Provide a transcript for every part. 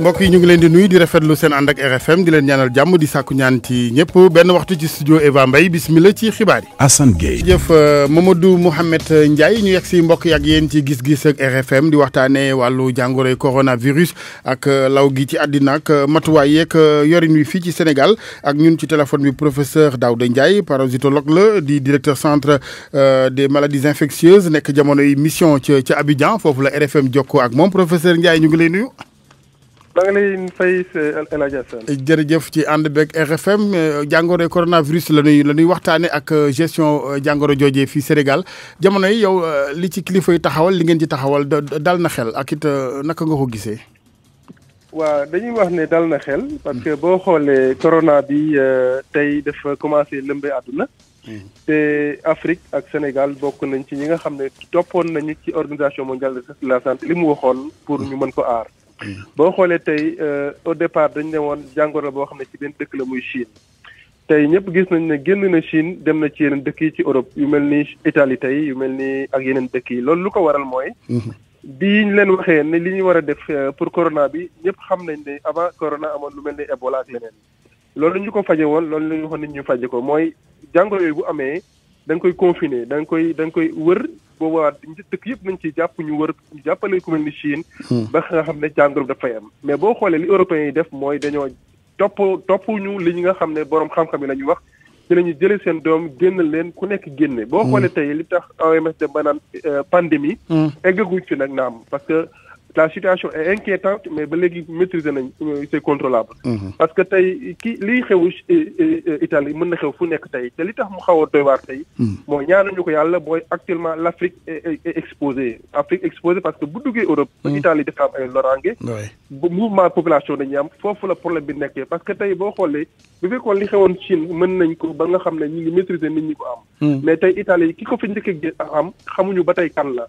mbokk yi ñu ngi leen di nuyu di rafetlu seen ànd ak RFM di leen ñaanal jàmm di sàkku ñaan ci ñëpp benn waxtu ci studio Eva Mbaye bismillah ci xibaar yi. Assane Gueye jëf euh, Mamadou Mohamed Ndiaye ñu yegg si mbokk yi ak yéen ci gis-gis ak RFM di waxtaanee wàllu jàngoroy coronavirus ak euh, law gi ci àddina ak euh, matuwaay yeeg yorin wi fii ci Sénégal ak ñun ci téléphone bi professeur Daouda Ndiaye parasitologue la di directeur centre des maladies infectieuses nekk jamono yi mission ci ca Abidjan foofu la RFM jokkoo ak moom professeur Ndiaye ñu ngi lay nuyu. maa lay fay El Hadj Assane jërëjëf ci ànd beeg RFM euh, jàngoro coronavirus la ñuy la ñuy waxtaanee ak euh, gestion euh, jàngoro joojee fii Sénégal jamono yi yow li ci kilifa yi taxawal li ngeen ci taxawal dal na xel ak naka nga ko gisee. waa dañuy wax ne dal na xel. Mm. parce boo xoolee corona bi tey def commencé lëmbee àdduna. Mm. te Afrique ak Sénégal bokk nañ ci ñi nga xam ne toppoon nañu ci organisation mondiale de la santé li mu waxoon pour mm. ñu mën ko aar. boo xoolee tey euh, au départ dañ ne woon jàngoro boo xam ne ci benn dëkk la muy Chine tey ñëpp gis nañ ne génn na Chine dem na ci yeneen dëkk yi ci Europe yu mel ni Italie tey yu mel ni ak yeneen dëkk yi loolu lu ko waral mooy. Mhm. bi ñu leen waxee ne li ñu war a def euh, pour corona bi ñëpp xam nañ ne avant corona amoon lu mel ni Ebola ak leneen. loolu ñu ko fajee woon loolu la ñu waxoon nit ñu faje ko mooy jàngoro yooyu bu amee da nga koy confiner da nga koy da koy wër boobaa dëkk yëpp nañ ciy jàpp ñu wër ñu jàppale ku mel ni Chine. Hmm. ba nga xam ne jàngoro dafay am. mais boo xoolee li européens yi def mooy dañoo topp topp ñu li nga xam ne borom xam-xam yi la ñuy wax. dinañu jëlee seen doom génn leen ku nekk génne. boo hmm. xoolee tey li tax OMS dem ba naan euh, pandémie. Hmm. eggaguñ nag naam parce la situation est inquiétante mais ba léegi maîtriser nañ euh, c'est contrôlable. Mhm. parce que tay, ki li, xew euh, euh, Italie mën na xew fu nekk tey te li tax mu xaw a doy waar tey. Mhm. mooy ñaanuñu ko actuellement l'Afrique est exposée Afrique exposée parce que bu duggee Europe. ba mhm. Italie dafa am ay loraange. ba mouvement population dañuy am foofu la problème bi nekkee parce que tay, boo xolé, bu fekkoon li xewoon Chine mën nañ ko ba nga xam ne ñu maîtriser nit ñi ko am. mais tay, Italie qui ko fi njëkkee am xamuñu ba tey kan la.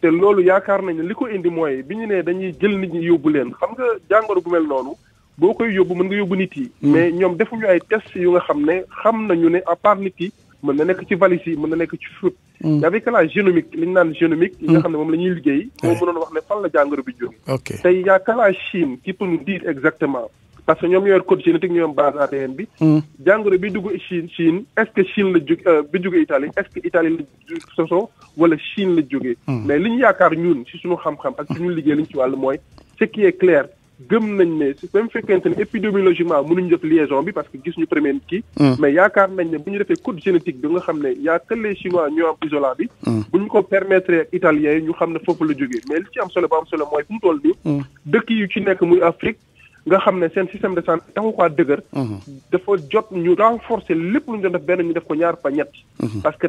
te loolu yaakaar nañ ne li ko indi mooy bi ñu nee dañuy jël nit ñi yóbbu leen xam nga jàngoro bu mel noonu boo koy yóbbu mën nga yóbbu nit yi. Mm. mais ñoom defuñu ay test yu nga xam ne xam nañu ne à part nit yi mën na nekk ci valise yi mën na nekk ci fruit. Mm. avec la génomique li ñu naan génomique. yi nga mm. xam ne moom la ñuy liggéey. moo mënoon wax ne fan la jàngoro bi jógee. ok tey y a que la Chine qui peut nous exactement. parce que ñoom ñoo yor code génétique ñoo yor base ADN bi. Hmm. jàngoro bi dugg Chine Chine est-ce que Chine la jug euh, bi jóge Italie est-ce que Italie la soso wala Chine la jógee. Hmm. mais li ñu yaakaar ñun ci suñu xam-xam ak suñu liggéey liñ ci wàllu mooy ce qui est clair gëm nañ ne même fekkente ne épidémiologiquement mënuñ def liaison bi parce que gis ñu premier kii. Hmm. mais yaakaar nañ ne bu ñu defee code génétique bi nga xam ne y a que les chinois ñoo am isolat bi. bu ñu ko permettre italiens ñu xam ne foofu la jógee mais li ci am solo ba am solo mooy fu mu toll nii. dëkk yu ci nekk muy Afrique. nga xam sen système de santé taxu ko dëgër mhm. dafa jot ñu renforcer lepp lu ñu def ben ñu def ko ñaar pa ñet mhm. parce que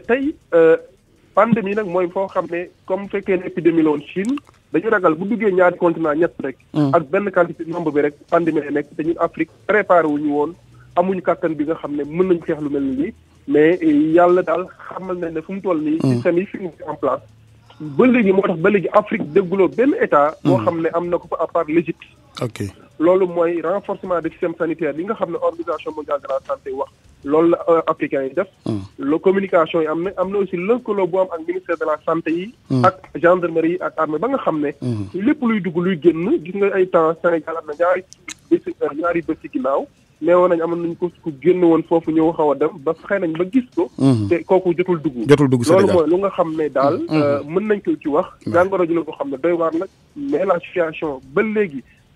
euh pandémie nak moy fo xam comme fekkee ne épidémie la Chine dañu ragal bu duggé ñaar continent ñet rek mhm. ak ben quantité nombre bi rek pandémie lay nek té ñu Afrique préparé wuñu won amuñu kàttan bi nga xam ne mën nañu lu melni mais eh, yalla dal xamal na ne fu mu toll ni système yi fi mu en place ba légui motax ba légui Afrique déggulo ben état boo xam am ko fa à part l'Égypte loolu mooy renforcement du système sanitaire li nga xam ne organisation mondiale de la santé wax loolu la euh, africains yi def. Hmm. la communication yi am na am na aussi lëkkaloo bu am ak ministère de la santé yi. Hmm. ak gendarmerie yi ba nga xam ne. Hmm. lépp luy dugg luy génn gis nga ay temps Sénégal am na ñaari bés ñaari bés ci ginnaaw. neewoon nañ amoon nañ ko ku génn woon foofu ñëw xaw a dem ba fexe nañ ba gis ko. te kooku jotul dugg. jotul dugg loolu mooy lu nga xam ne daal. Euh, mën nañ ko ci wax. jàngoro ji la ko xam ne doy waar nag mais la situation ba léegi.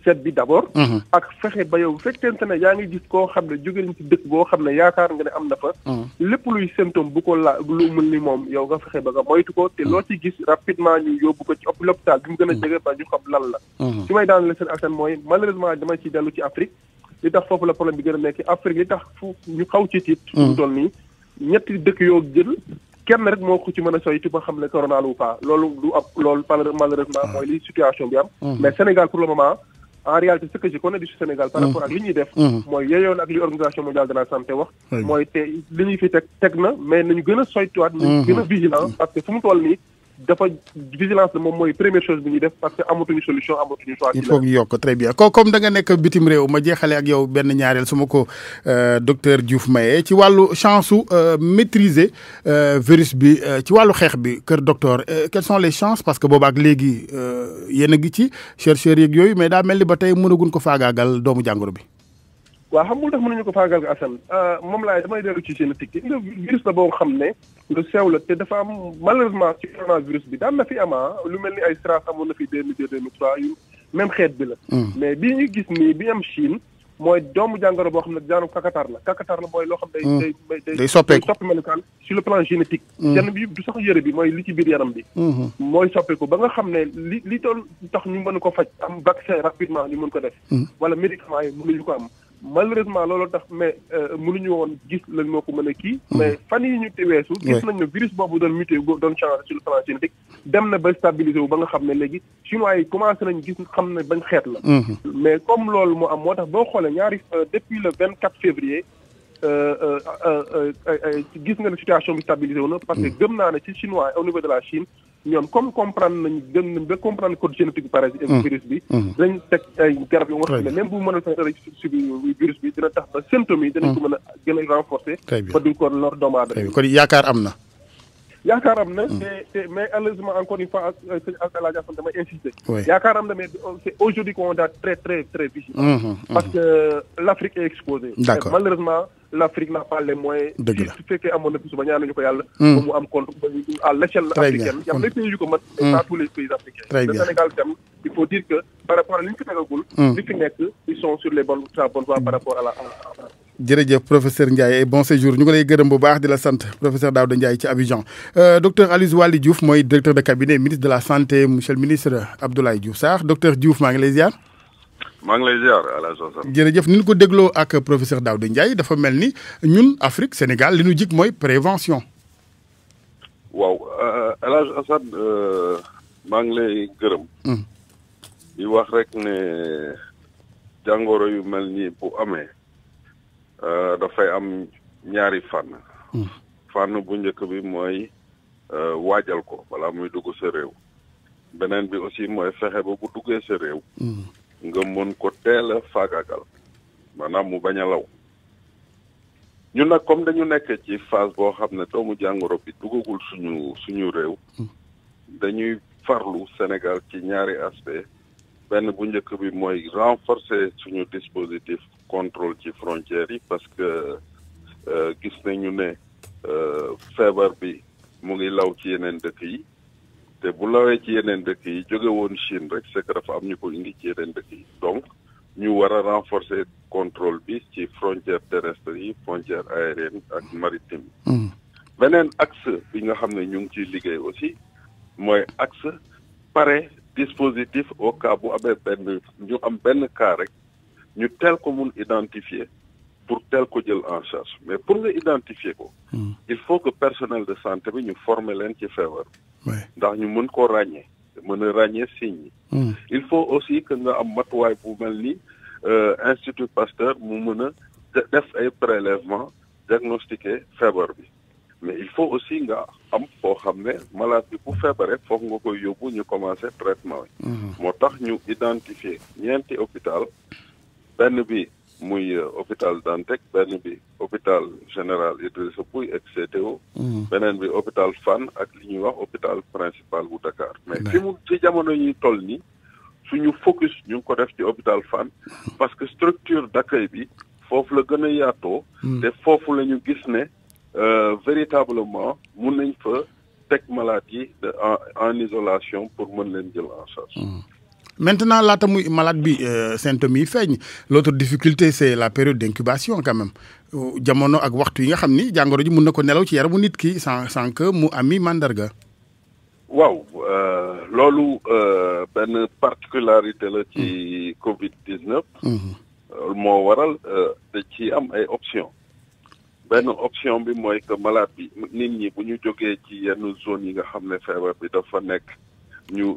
seet bi d' abord. ak fexe ba yow fekkente ne yaa ngi gis koo xam ne jóge ci dëkk boo xam ne yaakaar nga ne am na fa. lépp luy symptôme bu ko la lu mën ni moom yow nga fexe ba nga moytu ko te loo ci gis rapidement ñu yóbbu ko ci hôpital bi mu gën a jege ba ñu xam lan la. su may daan la seen askan mooy malheureusement dama ci dellu ci Afrique li tax foofu la problème bi gën a nekk Afrique li tax fu ñu xaw ci tiit. mu toll nii ñetti dëkk yoo jël. kenn rek moo ko ci mën a soytu ba xam ne corona lu pas loolu du ab loolu malheureusement mooy li situation bi am. mais Sénégal pour le moment. en réalité ce que je connais du Sénégal par mmh. rapport à li ñuy def mmh. mooy yeyoon ak li organisation mondiale de la santé wax mooy te li fi teg teg na mais nous gën a soytuwaat nañu mmh. gën parce que fu mu toll nii dafa vigilance la moom mooy première chose bi ñuy def parce que amatuñu solution amatuñu choix. il faut ñu yokk très bien ko comme da nga nekk bitim réew ma jeexale ak yow benn ñaareel su ma ko euh, docteur Diouf maye ci wàllu chance euh, maîtriser euh, virus bi ci wàllu xeex bi kër docteur quelles sont les chances parce que ak léegi yéen a ngi ci chercheur yeeg yooyu mais daa mel ni ba tey mënaguñ ko faagaagal doomu jàngoro bi. waaw xam nga lu tax mënuñu ko faagal Assane moom laay damay dellu ci génétique bi virus la boo xam ne lu sew la te dafa am malheureusement ci coronavirus bi daan na fi ama lu mel ni ay SRAS amoon na fi deux mille deux deux mille trois yu même xeet bi la. mais bii ñu gis nii bi am Chine mooy doomu jàngoro boo xam ne jaanu kakatar la kakatar la mooy loo xam day. day day day soppeeku soppi melukaan sur le plan génétique. yan bi du sax yëre bi mooy li ci biir yaram bi. mooy soppeeku ba nga xam ne li li doon tax ñu mën ko faj am vaccin rapidement ñu mën ko def. wala médicament yi mënuñu ko am. malheureusement loolu tax mais euh, mënuñu woon gis lañ moo ko mën a kii. Hmm. mais fan yi ñu weesu. gis nañ ne virus boobu doon muté doon changé sur le plan génétique dem na ba stabilisé wu ba nga xam ne léegi chinois yi commencé nañ gis xam ne bañ xeet la. Hmm. mais comme loolu mu am moo tax boo xoolee ñaari euh, depuis le 24 février. Euh, euh, euh, gis nga ne situation bi parce que mm. chinois au niveau de la Chine génétique virus bi mm. même virus bi dina tax ba symptômes yi yaakaaram na mais malheureusement encore une fois sëñ Alcala Diassane damay insister yaakaaram na mais c'est aujourd'hui qu'on est très très très vigilant mm-hmm, mm-hmm. parce que euh, l'Afrique est exposée malheureusement l'Afrique n'a pas les moyens ce fait que na mon suba ñaanuñu ko yalla mm. mu am compte à l'échelle africaine il y mm. pays yu ko mën pas mm. tous les pays africains le Sénégal il faut dire que par rapport à li ñu ko ils sont sur les bonnes bonnes voies par rapport à la Directeur, professeur Ndiaye et bon séjour ñu ngi lay gërëm bu baax la santé, professeur Daouda Ndiaye ci Abidjan euh, docteur Alizouali Diouf mooy directeur de cabinet ministre de la santé monsieur le ministre Abdoulaye Diouf Sarr docteur Diouf maa ngi lay ziar. maa ngi lay ziar El jërëjëf ni ñu ko dégloo ak professeur Daouda Ndiaye dafa mel ni ñun Afrique Sénégal li ñu jig mooy prévention. waaw à euh, la Assane euh, maa ngi lay gërëm. Hmm. di wax rek ne jangoro yu mel bu amee. Euh, dafay am ñaari fànn. Hmm. fànn bu njëkk bi mooy euh, waajal ko balaa muy dugg sa réew. beneen bi aussi mooy fexe ba bu duggee sa réew. Hmm. nga mën ko teel a maanaam mu bañ a law. ñun nag comme dañu nekk ci phase boo xam ne doomu jàngoro bi duggagul suñu suñu réew. Hmm. dañuy farlu Sénégal ci ñaari aspect benn bu njëkk bi mooy renforcer suñu dispositif contrôle ci frontières yi parce que euh, gis nañu ne euh, feebar bi mu ngi law ci yeneen dëkk yi te bu lawee ci yeneen dëkk yi jóge woon Chine rek c'est que am ñu ko indi ci yeneen dëkk yi donc ñu war a renforcer contrôle bi ci frontière terrestre yi frontière aérienne ak maritime yi hmm. beneen axe bi nga xam ne ñu ngi ciy liggéey aussi mooy axe pare dispositif au cas bu amee benn ñu am benn cas rek ñu tel ko mun identifier pour tel ko jël en charge mais pour nga identifier ko. Hmm. il faut que personnel de santé bi ñu former leen ci feebar. ndax ñu mën ko ragné mën a ràññee hmm. il faut aussi que nga am matuwaay bu mel ni euh, institut Pasteur mu mën a def ay prélèvement diagnostiquer feebar bi. mais il faut aussi nga am foo xam ne malade bi bu feebaree foog nga koy yóbbu ñu commencer traitement yi. Hmm. moo tax ñu identifier ñeenti hôpital benn bi muy euh, hôpital Dantec benn bi hôpital général Idrissa Pouye ak CTO. Mm. beneen bi hôpital Fann ak li ñuy wax hôpital principal bu Dakar. mais fi mu ci jamono ñuy toll ni suñu focus ñu ko def ci hôpital fan parce que structure d'accueil bi fofu la gëna yato yaatoo. Mm. te foofu la gis ne euh, véritablement mun nañ fa tek malade yi en en isolation pour mën leen jël en charge. Mm. Maintenant, la maladie euh, symptôme yi feeñ l'autre difficulté c'est la période d'incubation quand même euh, jamono ak waxtu yi nga xamni ni ji mën nako nelaw ci yaramu nit ki sans sans que mu ami mandarga. waaw euh, loolu ben particularité la ci mm. Covid 19. Mm-hmm. Mo waral da ci am ay option ben option bi moy que malade bi nit ñi bu ñu joggé ci yenn zone yi nga xamné ne bi dafa nekk ñu.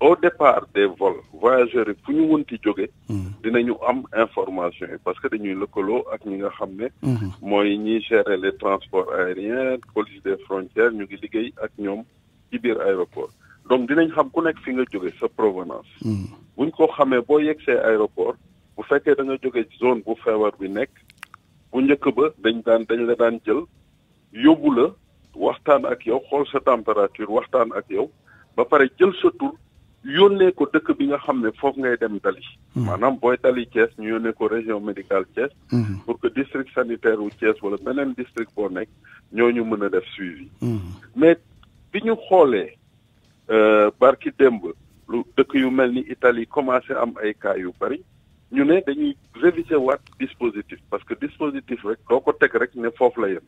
au départ des vols voyageurs yi fu ñu munti jóge hmm. dinañu am information parce que dañuy lëkkaloo ak ñi nga xam ne hmm. mooy ñiy gérer les transports aériens police des frontières ñu ngi liggéey ak ñom ci biir aéroport donc dinañ xam ku nekk fi nga jóge sa provenance hmm. buñ ko xamee boo yegsee aéroport bu fekkee da nga jóge zone bu fever bi nekk bu ñëkk ba dañ daan dañ la daan jël yóbbu la waxtaan ak yow xol sa température waxtaan ak yow ba paré jël sa tur yónnee ko dëkk bi nga xam ne foofu ngay dem dali hmm. maanaam booy dali Thiès ñu yónnee ko région médicale Thiès hmm. pour que district sanitaire wu Thiès wala beneen district boo nekk ñooñu mën a def suivi hmm. mais bi ñu xoolee euh, barki démb lu dëkk yu mel ni Italie commencé am ay cas yu bari ñu ne dañuy réviser waat dispositif parce que dispositif rek doo ko teg rek ne foofu la yem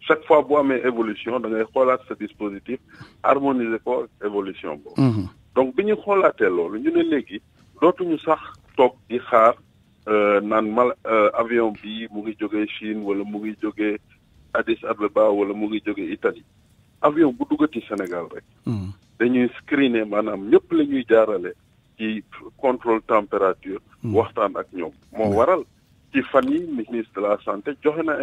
chaque fois bu amee évolution da ngay xoolaat sa dispositif harmoniser ko évolution boobu donc biñu xolaté lolu ñu ne dootuñu sax avons di xaar euh, mal euh, avion bi mu ngi Chine wala mu ngi joggé Addis Abeba wala mu ngi joggé Italie avion bu Sénégal rek. Hmm. dañuy screené manam ñepp lañuy ci contrôle température. Hmm. waxtaan ak waral. ci fan ministre de la santé joxe na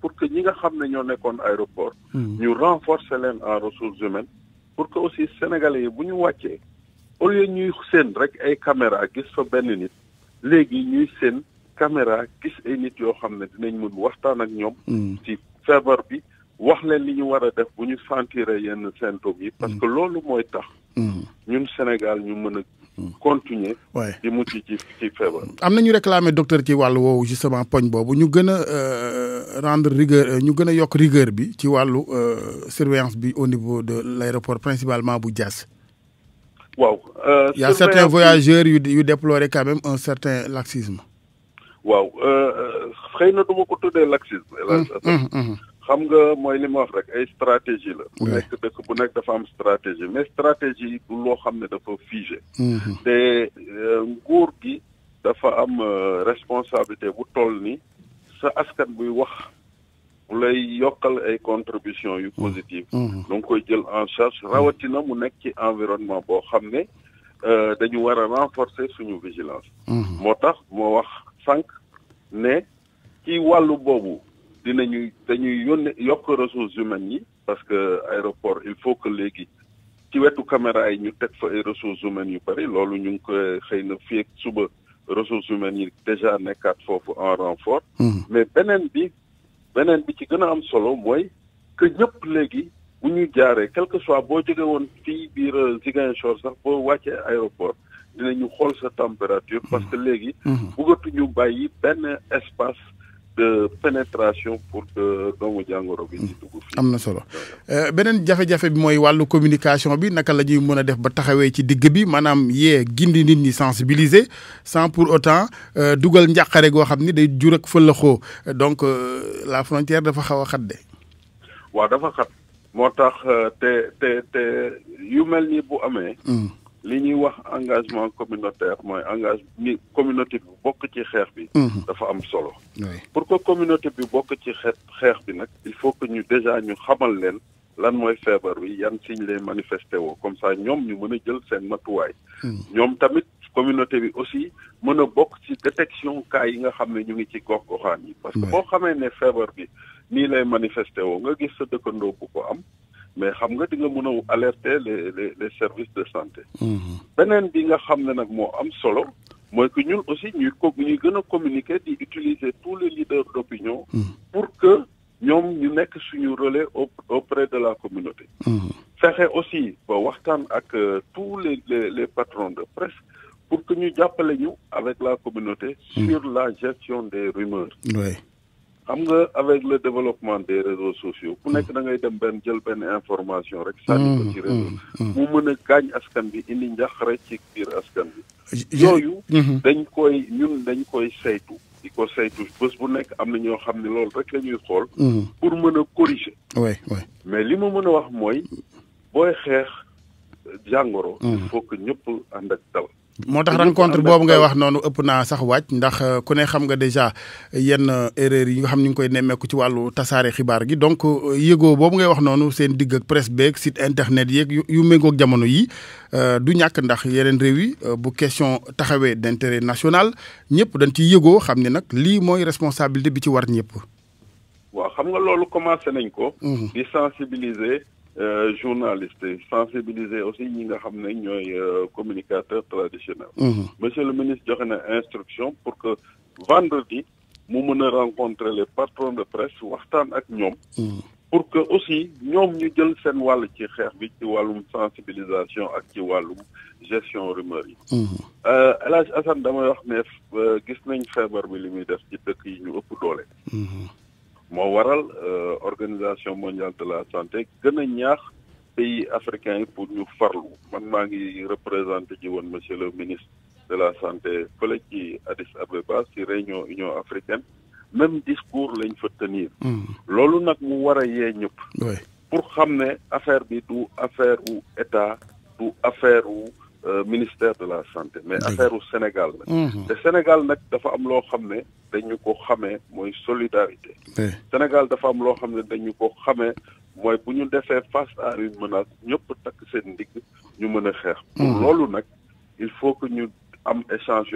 pour que ñi nga xam ñoo aéroport. nous hmm. renforcer en ressources humaines. pour que aussi sénégalais yi bu ñu wàccee au lieu ñuy seen rek ay caméra gis fa benn nit léegi ñuy seen kamera gis ay nit yoo xam ne dinañ mun waxtaan ak ñoom. Mm. ci feebar bi wax leen li ñu war a def bu ñu sentir yenn symptômes yi. parce mm. que loolu mooy tax. Mm. ñun Sénégal ñu mën a continuer. di mucc ci ci feebar. am na ñu réclamer docteur ci wàllu woowu justement poñ boobu ñu gën a euh, rendre rigueur ñu gën a yokk rigueur bi ci wàllu euh, surveillance bi au niveau de l' aéroport principalement bu Diass. waaw. Euh, y' a certains voyageurs yu yu déplorer quand même un certain laxisme. waaw xëy na du ma ko tuddee laxisme xam nga mooy li ma wax rek ay stratégie la bu nekk dëkk bu nekk dafa am stratégie mais stratégie du loo xam ne dafa figé mm-hmm. te euh, nguur gi dafa am euh, responsabilité bu toll ni sa askan buy wax lay yokkal ay contribution yu positive mm-hmm. mm-hmm. da koy jël en charge rawatina mu nekk ci environnement boo xam ne euh, dañu war a renforcer suñu vigilance moo tax moo wax sànq ne ci wàllu boobu dinañu dañuy yónne yokk ressources humaines yi parce que aéroport il faut que léegi ci wetu caméra yi ñu teg fa ay ressources humaines yu bëri loolu ñu ngi ko xëy na fii ak suba ressources humaines yi déjà nekkaat foofu en renfort hmm. mais beneen bi beneen bi ci gën a am solo mooy que ñëpp léegi bu ñu jaaree quelque soit boo jóge woon fii biir Ziguinchor sax boo wàccee aéroport ñu xool sa température hmm. parce que léegi hmm. ñu bàyyi benn espace de pénétration pour que doomu jàngoro bi. dugg fii am na solo eh, beneen jafe-jafe bi mooy wàllu communication bi naka la ñuy mën a def ba taxawee ci digg bi maanaam yee gindi nit ñi sensibiliser sans pour autant euh, dugal njàqare goo xam ni day jur ak donc euh, la frontière dafa xaw a xat de. waaw dafa xat moo tax euh, te te te yu mel ni bu amee. Hmm li ñuy wax engagement communautaire mooy engagement communauté bi bokk ci xeex bi mhm. dafa am solo pour que communauté bi bokk ci xeet xeex bi nag il faut que ñu déjà ñu xamal leen lan mooy feebar bi yan siñ lay manifesté woo comme ça ñoom ñu mën a jël seen matuwaay mhm. ñoom tamit communauté bi aussi mën a bokk ci détection cas yi nga xam ne ñu ngi ci gox goxaan yi parce que boo xamee ne feebar bi nii lay manifesté woo nga gis sa dëkkandoo bu ko am mais xam nga di nga alerter les les services de santé. Mhm. beneen bi nga am solo. aussi ñuy ko communiquer di utiliser tous les leaders d'opinion. Mhm. pour que nous ñu nekk suñu relais auprès de la communauté. Mhm. fexe aussi ba waxtaan ak euh, tous les les patrons de presse pour que nous appelions avec la communauté. sur la gestion des rumeurs. xam nga avec le développement des réseaux sociaux ku nekk dangay ngay dem benn jël benn information rek sànni ci réseau mm, mm, mm, mu mën a gaañ askan bi indi njaqare ci biir askan bi yooyu mm-hmm. dañ koy ñun dañ koy saytu di ko saytu bés bu nekk am na ñoo xam ne loolu rek la ñuy xool mm-hmm. pour mën a corriger mais li ma mën a wax mooy booy xeex jàngoro mm-hmm. il ñëpp ànd ak dal moo tax rencontre boobu ngay wax noonu ëpp naa sax wàcc ndax euh, ku ne xam nga déjà yenn euh, erreur yi nga xam ñu ngi koy nemmeeku ci wàllu tasaare xibaar gi donc euh, yëgoo boobu ngay wax noonu seen digg ak presse beeg internet yeeg yu méngoog jamono yi du ñàkk ndax yeneen réew yi bu question taxawee d'intérêt national ñëpp dañ ci yëgoo xam ni nag lii mooy responsabilité bi ci war ñëpp. xam nga loolu commencé nañ ko. Euh, journalistes, sensibiliser aussi ñi nga xam communicateurs traditionnels. communicateur mhm. monsieur le ministre joxe na instruction pour que vendredi nous mën rencontrer les patrons de presse waxtaan ak ñoom mhm. pour que aussi nous ñu jël seen wàll ci bi ci sensibilisation ak ci gestion rumeur yi mhm. euh, El je Assane damay wax ne euh, gis nañ feebar bi li muy def ci dëkk yi moo waral euh, organisation mondiale de la santé gën a ñaax pays africains pour ñu farlu man maa ngi représenté ji monsieur le ministre de la santé fële ci Addis Abeba ci réunion Union africaine même discours lañ fa tenir. Hmm. loolu nag mu war a yee pour xam ne affaire bi du affaire wu état du affaire euh, ministère de la santé mais affaire au Sénégal le mhm. Sénégal nak dafa am lo xamné dañu ko xamé moy solidarité Sénégal dafa am lo xamné dañu ko xamé moy bu ñu face à une menace ñëpp tak seen ndig ñu mëna a xeex pour mhm. il faut que ñu am échange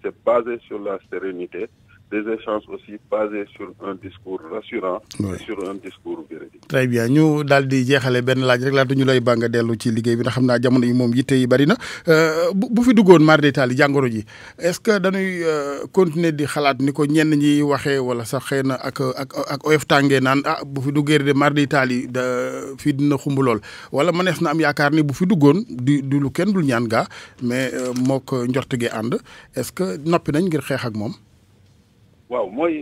c'est basé sur la sérénité des échanges aussi basés sur un discours rassurant oui. et sur un discours véridique. très bien ñu dans di jeexale benn laaj rek laata nous lay bànga dellu ci liggéey bi ndax xam naa jamono yi moom yitte yi bëri na euh, bu fi duggoon mar détail ji est-ce que dañuy euh, continuer di xalaat ni ko ñenn ñi waxee wala sax xëy na ak ak ak of tàngee naan ah bu fi duggee de mardi détail yi da fii dina xumb lool wala mënees na am yaakaar ni bu fi duggoon du du lu kenn dul ñaan gaa mais euh, mook njort gi ànd est-ce que noppi nañ ngir xeex ak moom waaw mooy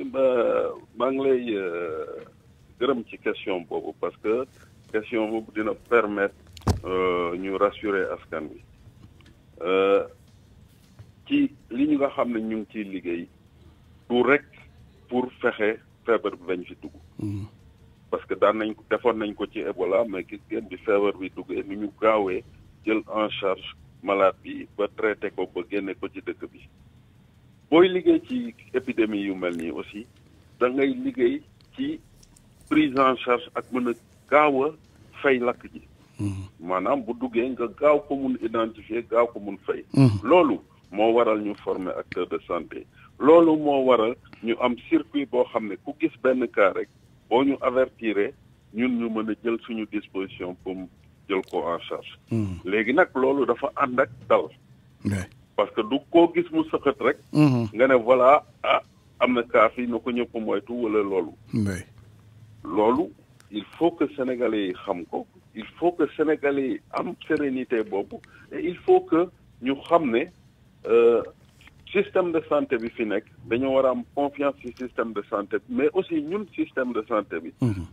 maa ngi lay euh, gërëm ci question boobu parce que question boobu dina permettre euh, ñu rassurer askan bi euh, ci li ñu nga xam ne ñu ngi ciy liggéey du rek pour fexe feebar bi bañ fi dugg. Mm-hmm. parce que daan nañ ko defoon nañ ko ci Ebola mais gis ngeen bi feebar bi duggee ni ñu gaawee jël en charge malade bi ba traité ko ba génne ko ci dëkk bi. booy liggéey ci épidémie yu mel nii aussi da ngay liggéey ci prise en charge ak mën a gaaw a fay lakk ji. Mhm. maanaam bu duggee nga gaaw ko mun identifier gaaw ko mun fay. Mhm. loolu moo waral ñu former acteur de santé. loolu moo waral ñu am circuit boo xam ne ku gis benn cas rek boo ñu avertiré ñun ñu mën a jël suñu disposition pour jël ko en charge. Mhm. léegi nag loolu dafa ànd ak dal. parce que du ko gis mu rek. Mhm. nga ne voilà ah ka fi kaa ñepp moytu wala il faut que sénégalais il faut que sénégalais ait une sérénité et il faut que nous xamné le euh, système de santé bi fi que nous wara am confiance ci système de santé mais aussi ñun système de santé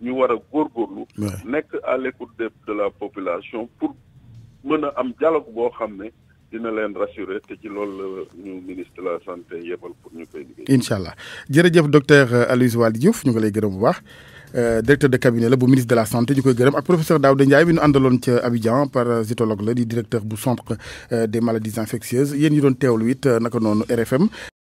Nous avons wara à l'écoute de la population pour que am dialogue dina leen rassurer te ci loolu ñu ministre de la santé yebal pour ñu koy liggéey. incha allah jërëjëf docteur Aloyse Waly Diouf ñu ngi lay gërëm bu baax euh, directeur de cabinet la bu ministre de la santé ñu koy gërëm ak professeur Daouda Ndiaye bi ñu àndaloon ca Abidjan par parasitologue la di directeur bu centre euh, des maladies infectieuses yéen ñi doon teewlu it euh, naka noonu RFM.